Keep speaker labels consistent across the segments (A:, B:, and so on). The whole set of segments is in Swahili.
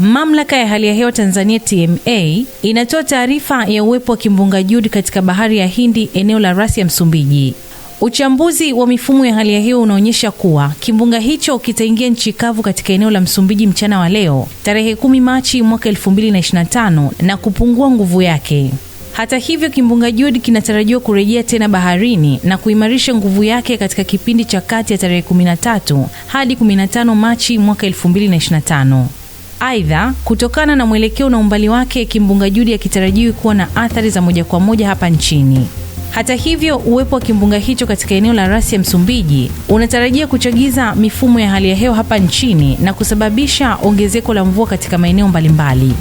A: Mamlaka ya hali ya hewa Tanzania TMA inatoa taarifa ya uwepo wa kimbunga Jude katika bahari ya Hindi eneo la rasi ya Msumbiji. Uchambuzi wa mifumo ya hali ya hewa unaonyesha kuwa kimbunga hicho kitaingia nchi kavu katika eneo la Msumbiji mchana wa leo tarehe 10 Machi mwaka 2025 na kupungua nguvu yake. Hata hivyo, kimbunga Jude kinatarajiwa kurejea tena baharini na kuimarisha nguvu yake katika kipindi cha kati ya tarehe 13 hadi 15 Machi mwaka 2025. Aidha, kutokana na mwelekeo na umbali wake, kimbunga Judy akitarajiwi kuwa na athari za moja kwa moja hapa nchini. Hata hivyo, uwepo wa kimbunga hicho katika eneo la rasi ya Msumbiji unatarajia kuchagiza mifumo ya hali ya hewa hapa nchini na kusababisha ongezeko la mvua katika maeneo mbalimbali.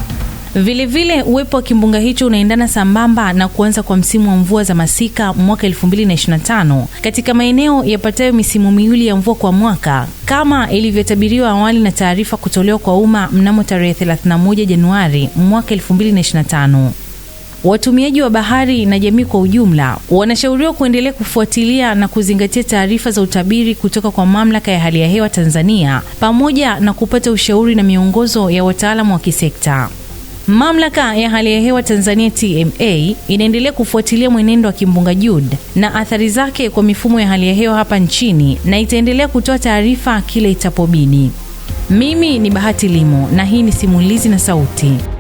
A: Vilevile uwepo wa kimbunga hicho unaendana sambamba na kuanza kwa msimu wa mvua za masika mwaka 2025 katika maeneo yapatayo misimu miwili ya mvua kwa mwaka kama ilivyotabiriwa awali na taarifa kutolewa kwa umma mnamo tarehe 31 Januari mwaka 2025. Watumiaji wa bahari na jamii kwa ujumla wanashauriwa kuendelea kufuatilia na kuzingatia taarifa za utabiri kutoka kwa Mamlaka ya Hali ya Hewa Tanzania pamoja na kupata ushauri na miongozo ya wataalamu wa kisekta. Mamlaka ya hali ya hewa Tanzania TMA inaendelea kufuatilia mwenendo wa kimbunga Jude na athari zake kwa mifumo ya hali ya hewa hapa nchini na itaendelea kutoa taarifa kile itapobidi. Mimi ni Bahati Limo na hii ni Simulizi na Sauti.